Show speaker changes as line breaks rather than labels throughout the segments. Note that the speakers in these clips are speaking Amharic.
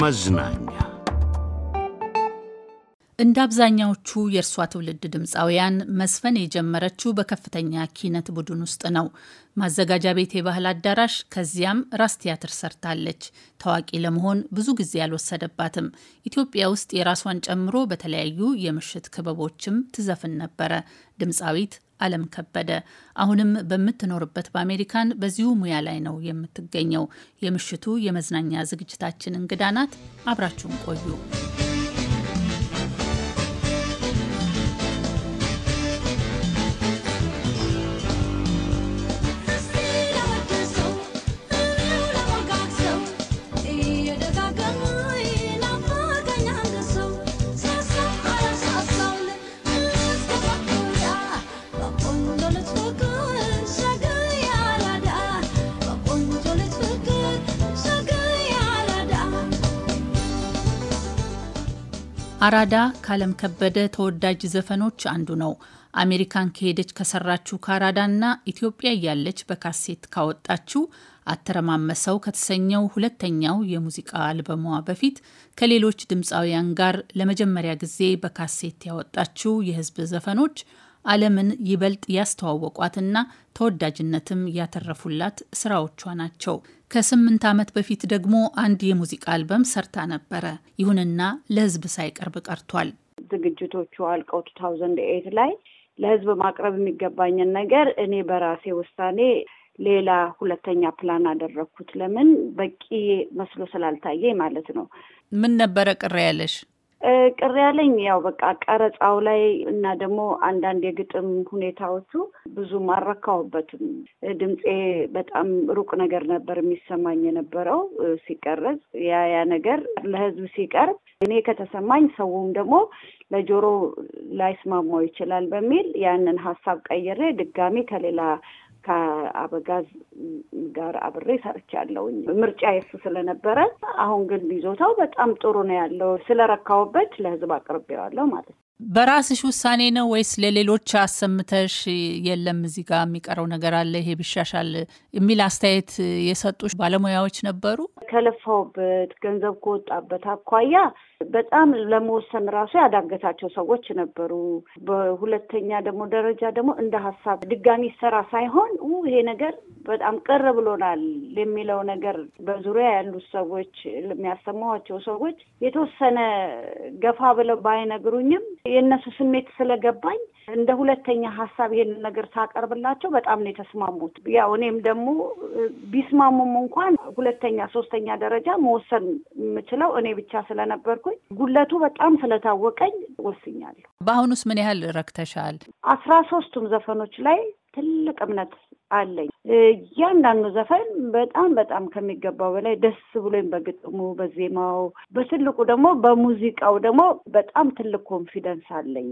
መዝናኛ
እንደ አብዛኛዎቹ የእርሷ ትውልድ ድምፃውያን መስፈን የጀመረችው በከፍተኛ ኪነት ቡድን ውስጥ ነው። ማዘጋጃ ቤት የባህል አዳራሽ፣ ከዚያም ራስ ቲያትር ሰርታለች። ታዋቂ ለመሆን ብዙ ጊዜ አልወሰደባትም። ኢትዮጵያ ውስጥ የራሷን ጨምሮ በተለያዩ የምሽት ክበቦችም ትዘፍን ነበረ። ድምፃዊት አለም ከበደ። አሁንም በምትኖርበት በአሜሪካን በዚሁ ሙያ ላይ ነው የምትገኘው። የምሽቱ የመዝናኛ ዝግጅታችን እንግዳ ናት። አብራችሁን ቆዩ። አራዳ ካለም ከበደ ተወዳጅ ዘፈኖች አንዱ ነው። አሜሪካን ከሄደች ከሰራችው ከአራዳና ኢትዮጵያ እያለች በካሴት ካወጣችው አተረማመሰው ከተሰኘው ሁለተኛው የሙዚቃ አልበሟ በፊት ከሌሎች ድምፃውያን ጋር ለመጀመሪያ ጊዜ በካሴት ያወጣችው የህዝብ ዘፈኖች ዓለምን ይበልጥ ያስተዋወቋትና ተወዳጅነትም ያተረፉላት ስራዎቿ ናቸው። ከስምንት ዓመት በፊት ደግሞ አንድ የሙዚቃ አልበም ሰርታ ነበረ። ይሁንና ለህዝብ ሳይቀርብ ቀርቷል።
ዝግጅቶቹ አልቀው ቱ ታውዘንድ ኤት ላይ ለህዝብ ማቅረብ የሚገባኝን ነገር እኔ በራሴ ውሳኔ ሌላ ሁለተኛ ፕላን አደረግኩት። ለምን በቂ መስሎ ስላልታየ ማለት ነው።
ምን ነበረ ቅሬ ያለሽ?
ቅር ያለኝ ያው በቃ ቀረጻው ላይ እና ደግሞ አንዳንድ የግጥም ሁኔታዎቹ ብዙም አረካውበትም። ድምፄ በጣም ሩቅ ነገር ነበር የሚሰማኝ የነበረው ሲቀረጽ። ያ ያ ነገር ለህዝብ ሲቀርብ እኔ ከተሰማኝ ሰውም ደግሞ ለጆሮ ላይስማማው ይችላል በሚል ያንን ሀሳብ ቀይሬ ድጋሚ ከሌላ ከአበጋዝ ጋር አብሬ ያለውኝ ምርጫ የሱ ስለነበረ አሁን ግን ይዞታው በጣም ጥሩ ነው ያለው። ስለረካውበት ለህዝብ አቅርቤዋለሁ ማለት ነው።
በራስሽ ውሳኔ ነው ወይስ ለሌሎች አሰምተሽ የለም እዚህ ጋር የሚቀረው ነገር አለ ይሄ ብሻሻል የሚል አስተያየት የሰጡሽ ባለሙያዎች ነበሩ?
ከለፋውበት ገንዘብ ከወጣበት አኳያ በጣም ለመወሰን ራሱ ያዳገታቸው ሰዎች ነበሩ። በሁለተኛ ደግሞ ደረጃ ደግሞ እንደ ሀሳብ ድጋሚ ሰራ ሳይሆን ይሄ ነገር በጣም ቅር ብሎናል የሚለው ነገር በዙሪያ ያሉት ሰዎች የሚያሰማቸው ሰዎች የተወሰነ ገፋ ብለው ባይነግሩኝም የእነሱ ስሜት ስለገባኝ እንደ ሁለተኛ ሀሳብ ይሄን ነገር ሳቀርብላቸው በጣም ነው የተስማሙት። ያው እኔም ደግሞ ቢስማሙም እንኳን ሁለተኛ ሶስተኛ ደረጃ መወሰን የምችለው እኔ ብቻ ስለነበርኩ ስለሆንኩኝ ጉለቱ በጣም ስለታወቀኝ ወስኛለሁ።
በአሁኑስ ምን ያህል ረክተሻል?
አስራ ሶስቱም ዘፈኖች ላይ ትልቅ እምነት አለኝ። እያንዳንዱ ዘፈን በጣም በጣም ከሚገባው በላይ ደስ ብሎኝ በግጥሙ፣ በዜማው፣ በትልቁ ደግሞ በሙዚቃው ደግሞ በጣም ትልቅ ኮንፊደንስ አለኝ።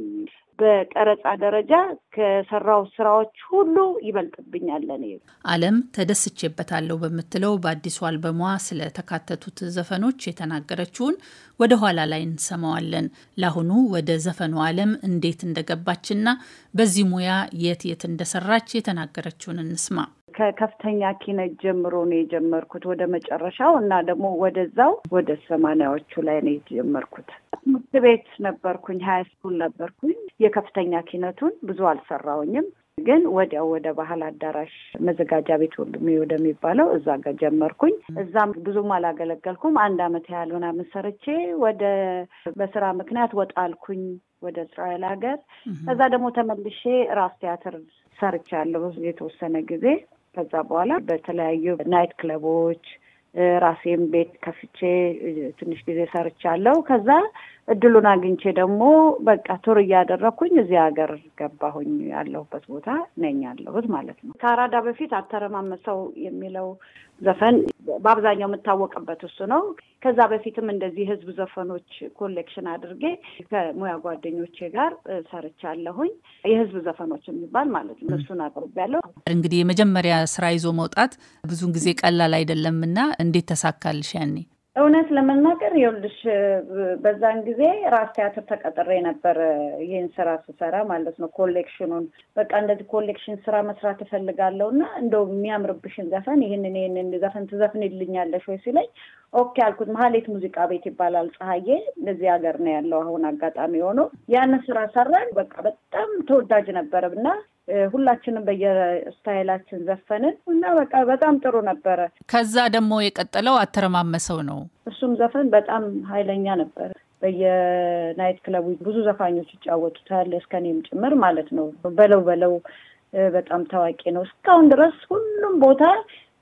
በቀረጻ ደረጃ ከሰራው ስራዎች
ሁሉ ይበልጥብኛል። እኔ አለም ተደስቼበታለሁ በምትለው በአዲሱ አልበሟ ስለተካተቱት ዘፈኖች የተናገረችውን ወደ ኋላ ላይ እንሰማዋለን። ለአሁኑ ወደ ዘፈኑ አለም እንዴት እንደገባችና በዚህ ሙያ የት የት እንደሰራች የተናገረችውን እንስማ።
ከከፍተኛ ኪነት ጀምሮ ነው የጀመርኩት ወደ መጨረሻው እና ደግሞ ወደዛው ወደ ሰማንያዎቹ ላይ ነው የጀመርኩት። ትምህርት ቤት ነበርኩኝ፣ ሀይ ስኩል ነበርኩኝ። የከፍተኛ ኪነቱን ብዙ አልሰራውኝም ግን ወዲያው ወደ ባህል አዳራሽ መዘጋጃ ቤት ወልሚ ወደሚባለው እዛ ጋር ጀመርኩኝ። እዛም ብዙም አላገለገልኩም። አንድ አመት ያህል ምናምን ሰርቼ ወደ በስራ ምክንያት ወጣልኩኝ ወደ እስራኤል ሀገር። ከዛ ደግሞ ተመልሼ ራስ ቲያትር ሰርቻለሁ የተወሰነ ጊዜ። ከዛ በኋላ በተለያዩ ናይት ክለቦች ራሴም ቤት ከፍቼ ትንሽ ጊዜ ሰርቻለሁ። ከዛ እድሉን አግኝቼ ደግሞ በቃ ቱር እያደረግኩኝ እዚህ ሀገር ገባሁኝ። ያለሁበት ቦታ ነኝ ያለሁት ማለት ነው። ከአራዳ በፊት አተረማመሰው የሚለው ዘፈን በአብዛኛው የምታወቅበት እሱ ነው። ከዛ በፊትም እንደዚህ ህዝብ ዘፈኖች ኮሌክሽን አድርጌ ከሙያ ጓደኞቼ ጋር ሰርቻለሁኝ። የህዝብ ዘፈኖች የሚባል ማለት ነው። እሱን አቅርቤያለሁ።
እንግዲህ የመጀመሪያ ስራ ይዞ መውጣት ብዙን ጊዜ ቀላል አይደለም እና እንዴት ተሳካልሽ ያኔ?
እውነት ለመናገር ይኸውልሽ በዛን ጊዜ ራስ ቲያትር ተቀጥሬ ነበር ይህን ስራ ስሰራ ማለት ነው። ኮሌክሽኑን በቃ እንደዚህ ኮሌክሽን ስራ መስራት እፈልጋለሁ እና እንደው የሚያምርብሽን ዘፈን ይህንን ይህንን ዘፈን ትዘፍንልኛለሽ ወይ ሲለኝ ኦኬ አልኩት። መሀሌት ሙዚቃ ቤት ይባላል። ፀሐዬ እዚህ ሀገር ነው ያለው አሁን አጋጣሚ ሆኖ ያን ስራ ሰራን። በቃ በጣም ተወዳጅ ነበር እና ሁላችንም በየስታይላችን ዘፈንን እና በቃ በጣም ጥሩ ነበረ።
ከዛ ደግሞ የቀጠለው አተረማመሰው ነው።
እሱም ዘፈን በጣም ኃይለኛ ነበር። በየናይት ክለቡ ብዙ ዘፋኞች ይጫወቱታል እስከኔም ጭምር ማለት ነው። በለው በለው በጣም ታዋቂ ነው። እስካሁን ድረስ ሁሉም ቦታ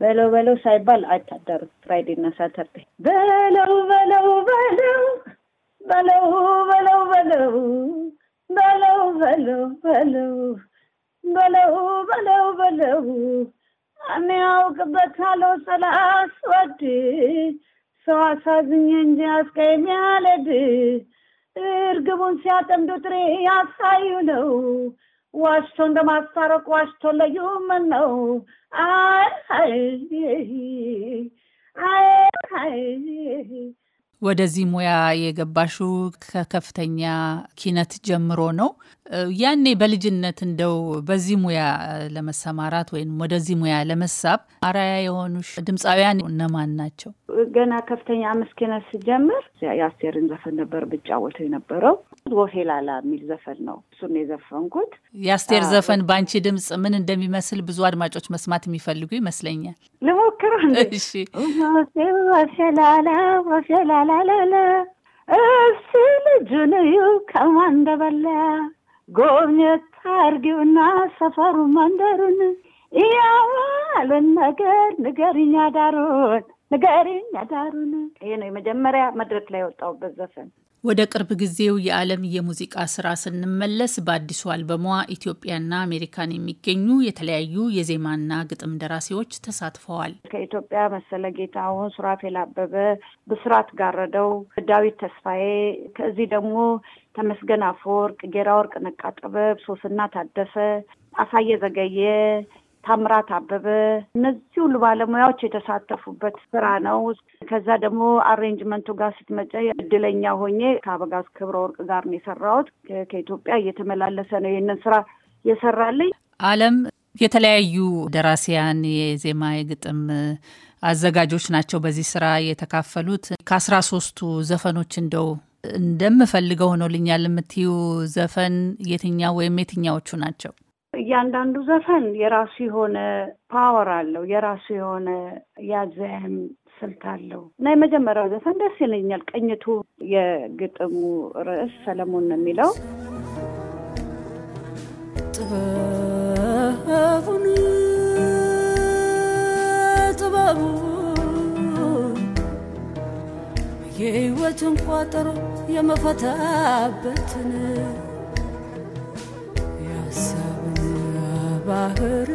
በለው በለው ሳይባል አይታደርም። ፍራይዴ እና ሳተርዴ በለው በለው በለው በለው በለው በለው በለው በለው በለው በለው በለው በለው የሚያውቅበታለው ስላስወድ ሰው አሳዝኜ እንጂ አስቀይሜ አልሄድ እርግቡን ሲያጠምዱ ጥሬ ያሳዩ ነው ዋሽቶ እንደማስታረቅ ዋሽቶ ለዩ ምን ነው
ወደዚህ ሙያ የገባሹ ከከፍተኛ ኪነት ጀምሮ ነው። ያኔ በልጅነት እንደው በዚህ ሙያ ለመሰማራት ወይም ወደዚህ ሙያ ለመሳብ አራያ የሆኑ ድምፃውያን እነማን ናቸው?
ገና ከፍተኛ መስኪነት ስጀምር የአስቴርን ዘፈን ነበር ብጫወተው የነበረው። ወፌላላ የሚል ዘፈን ነው፣ እሱን የዘፈንኩት።
የአስቴር ዘፈን በአንቺ ድምፅ ምን እንደሚመስል ብዙ አድማጮች መስማት የሚፈልጉ ይመስለኛል።
ልሞክር ወፌላላ ወፌላላላላ እስኪ ልጁን እዩ ከማን እንደበላ ጎብኘት አርጊውና ሰፈሩ መንደሩን እያዋለን ነገር ንገሪኛ ዳሩን ንገሪኛ ዳሩን ይሄ ነው የመጀመሪያ መድረክ ላይ የወጣሁበት ዘፈን።
ወደ ቅርብ ጊዜው የዓለም የሙዚቃ ስራ ስንመለስ በአዲሱ አልበሟ ኢትዮጵያና አሜሪካን የሚገኙ የተለያዩ የዜማና ግጥም ደራሲዎች ተሳትፈዋል።
ከኢትዮጵያ መሰለ ጌታሁን፣ ሱራፌል አበበ፣ ብስራት ጋረደው፣ ዳዊት ተስፋዬ፣ ከዚህ ደግሞ ተመስገን አፈወርቅ፣ ጌራ ወርቅ፣ ነቃ ጥበብ፣ ሶስና ታደሰ፣ አሳየ ዘገየ፣ ታምራት አበበ እነዚህ ሁሉ ባለሙያዎች የተሳተፉበት ስራ ነው። ከዛ ደግሞ አሬንጅመንቱ ጋር ስትመጨ እድለኛ ሆኜ ከአበጋዝ ክብረ ወርቅ ጋር ነው የሰራሁት። ከኢትዮጵያ እየተመላለሰ ነው ይህንን ስራ የሰራልኝ።
አለም የተለያዩ ደራሲያን የዜማ የግጥም አዘጋጆች ናቸው በዚህ ስራ የተካፈሉት። ከአስራ ሶስቱ ዘፈኖች እንደው እንደምፈልገው ሆኖልኛል የምትዩ ዘፈን የትኛው ወይም የትኛዎቹ ናቸው?
እያንዳንዱ ዘፈን የራሱ የሆነ ፓወር አለው፣ የራሱ የሆነ ያዘም ስልት አለው እና የመጀመሪያው ዘፈን ደስ ይለኛል። ቅኝቱ፣ የግጥሙ ርዕስ ሰለሞን ነው የሚለው ጥበቡን ጥበቡን የህይወትን ቋጠሮ የመፈታበትን ባህር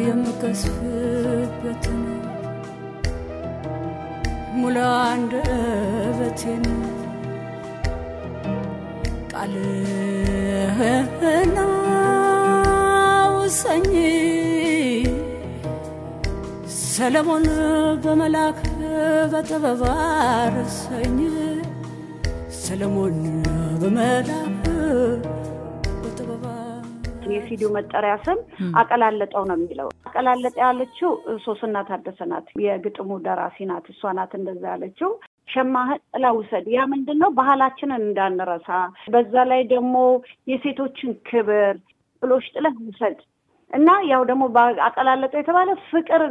የምቀስፍበትን ሙላ አንደበቴን ቃልህን አውሰኝ ሰለሞን በመላክ በጥበብ አረሰኝ ሰለሞን በመላክ የፊዲዮ መጠሪያ ስም hmm. አቀላለጠው ነው የሚለው። አቀላለጠ ያለችው ሶስና ታደሰ ናት። የግጥሙ ደራሲ ናት። እሷ ናት እንደዛ ያለችው። ሸማህን ጥላ ውሰድ። ያ ምንድን ነው? ባህላችንን እንዳንረሳ፣ በዛ ላይ ደግሞ የሴቶችን ክብር ጥሎሽ ጥለህ ውሰድ እና ያው ደግሞ አቀላለጠው የተባለ ፍቅር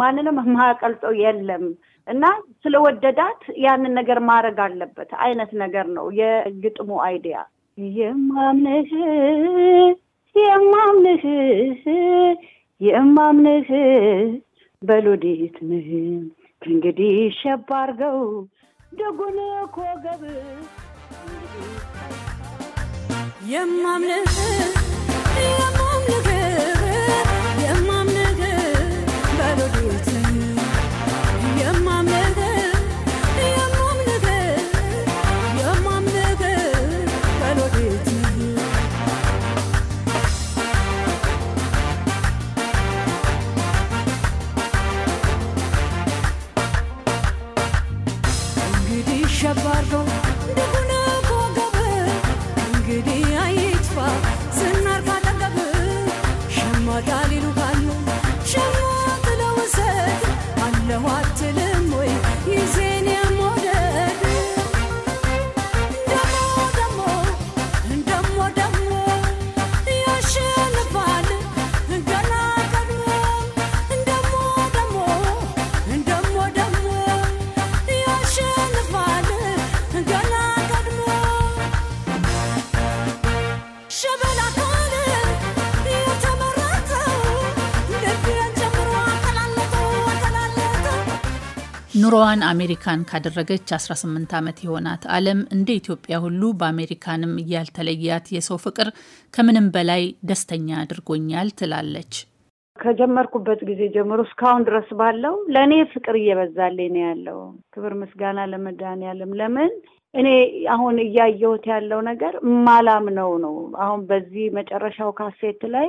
ማንንም የማያቀልጠው የለም እና ስለወደዳት ያንን ነገር ማድረግ አለበት አይነት ነገር ነው የግጥሙ አይዲያ የማምንህ የማምንህ የማምንህ በሎዴት ነህ ከእንግዲህ ሸባ አድርገው ደጉን ኮገብ የማምንህ የማምንህ የማምንህ በሎዴት
ኑሮዋን አሜሪካን ካደረገች 18 ዓመት የሆናት ዓለም እንደ ኢትዮጵያ ሁሉ በአሜሪካንም እያልተለያት የሰው ፍቅር ከምንም በላይ ደስተኛ አድርጎኛል ትላለች።
ከጀመርኩበት ጊዜ ጀምሮ እስካሁን ድረስ ባለው ለእኔ ፍቅር እየበዛልኝ ነው ያለው። ክብር ምስጋና ለመድኃኒዓለም። ለምን እኔ አሁን እያየሁት ያለው ነገር ማላምነው ነው። አሁን በዚህ መጨረሻው ካሴት ላይ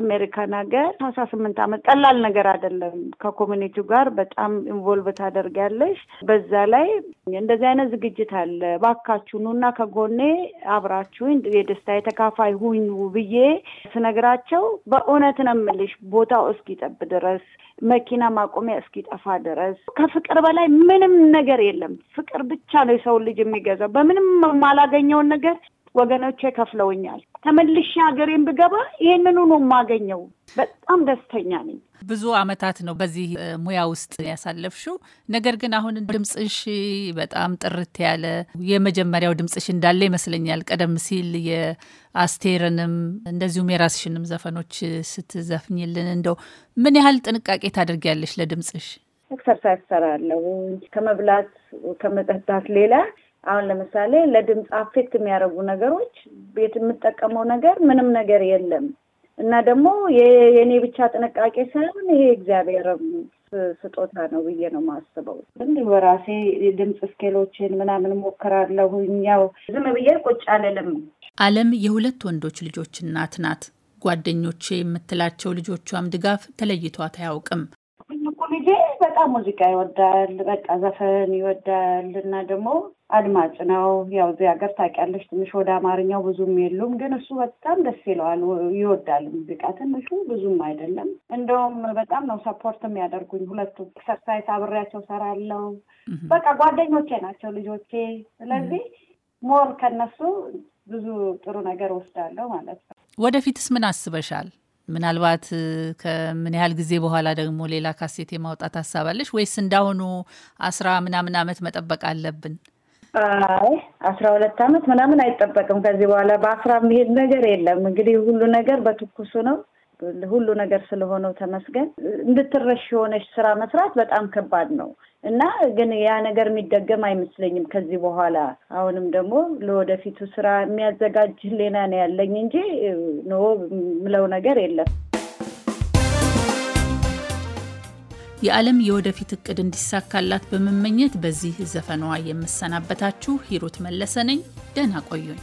አሜሪካን ሀገር ሀያ ስምንት አመት ቀላል ነገር አይደለም። ከኮሚኒቲው ጋር በጣም ኢንቮልቭ ታደርጊያለሽ። በዛ ላይ እንደዚህ አይነት ዝግጅት አለ፣ ባካችሁ ኑና ከጎኔ አብራችሁኝ የደስታ የተካፋይ ሁኙ ብዬ ስነግራቸው በእውነት ነው የምልሽ ቦታው እስኪጠብ ድረስ መኪና ማቆሚያ እስኪጠፋ ድረስ ከፍቅር በላይ ምንም ነገር የለም። ፍቅር ብቻ ነው የሰውን ልጅ የሚገዛው። በምንም የማላገኘውን ነገር ወገኖቼ ከፍለውኛል። ተመልሼ ሀገሬን ብገባ ይህንኑ ነው የማገኘው። በጣም ደስተኛ ነኝ።
ብዙ አመታት ነው በዚህ ሙያ ውስጥ ያሳለፍሽው። ነገር ግን አሁን ድምፅሽ በጣም ጥርት ያለ የመጀመሪያው ድምፅሽ እንዳለ ይመስለኛል። ቀደም ሲል የአስቴርንም እንደዚሁም የራስሽንም ዘፈኖች ስትዘፍኝልን እንደው ምን ያህል ጥንቃቄ ታደርጊያለሽ ለድምፅሽ?
ኤክሰርሳይዝ ሰራለሁ ከመብላት ከመጠጣት ሌላ አሁን ለምሳሌ ለድምፅ አፌክት የሚያደርጉ ነገሮች የምጠቀመው ነገር ምንም ነገር የለም እና ደግሞ የእኔ ብቻ ጥንቃቄ ሳይሆን ይሄ እግዚአብሔር ስጦታ ነው ብዬ ነው ማስበው። እንዲሁ በራሴ ድምፅ ስኬሎችን ምናምን ሞክራለሁ። እኛው ዝም ብዬ ቁጭ አልልም።
አለም የሁለት ወንዶች ልጆች እናት ናት። ጓደኞቼ የምትላቸው ልጆቿም ድጋፍ ተለይቷት አያውቅም።
ልጄ በጣም ሙዚቃ ይወዳል፣ በቃ ዘፈን ይወዳል እና ደግሞ አድማጭ ነው። ያው እዚህ ሀገር ታውቂያለሽ፣ ትንሽ ወደ አማርኛው ብዙም የሉም፣ ግን እሱ በጣም ደስ ይለዋል፣ ይወዳል ሙዚቃ። ትንሹ ብዙም አይደለም፣ እንደውም በጣም ነው ሰፖርት የሚያደርጉኝ ሁለቱ። ኤክሰርሳይዝ አብሬያቸው ሰራለው። በቃ ጓደኞቼ ናቸው ልጆቼ። ስለዚህ ሞር ከነሱ ብዙ ጥሩ ነገር ወስዳለሁ ማለት ነው።
ወደፊትስ ምን አስበሻል? ምናልባት ከምን ያህል ጊዜ በኋላ ደግሞ ሌላ ካሴት የማውጣት ሀሳብ አለሽ ወይስ እንዳሁኑ አስራ ምናምን ዓመት መጠበቅ አለብን?
አስራ ሁለት አመት ምናምን አይጠበቅም። ከዚህ በኋላ በአስራ የሚሄድ ነገር የለም። እንግዲህ ሁሉ ነገር በትኩሱ ነው። ሁሉ ነገር ስለሆነው ተመስገን። እንድትረሽ የሆነች ስራ መስራት በጣም ከባድ ነው እና ግን ያ ነገር የሚደገም አይመስለኝም ከዚህ በኋላ። አሁንም ደግሞ ለወደፊቱ ስራ የሚያዘጋጅ ሌና ነው ያለኝ እንጂ ኖ ምለው ነገር የለም።
የዓለም የወደፊት እቅድ እንዲሳካላት በመመኘት በዚህ ዘፈኗ የምሰናበታችሁ ሂሩት መለሰ ነኝ። ደህና ቆዩኝ።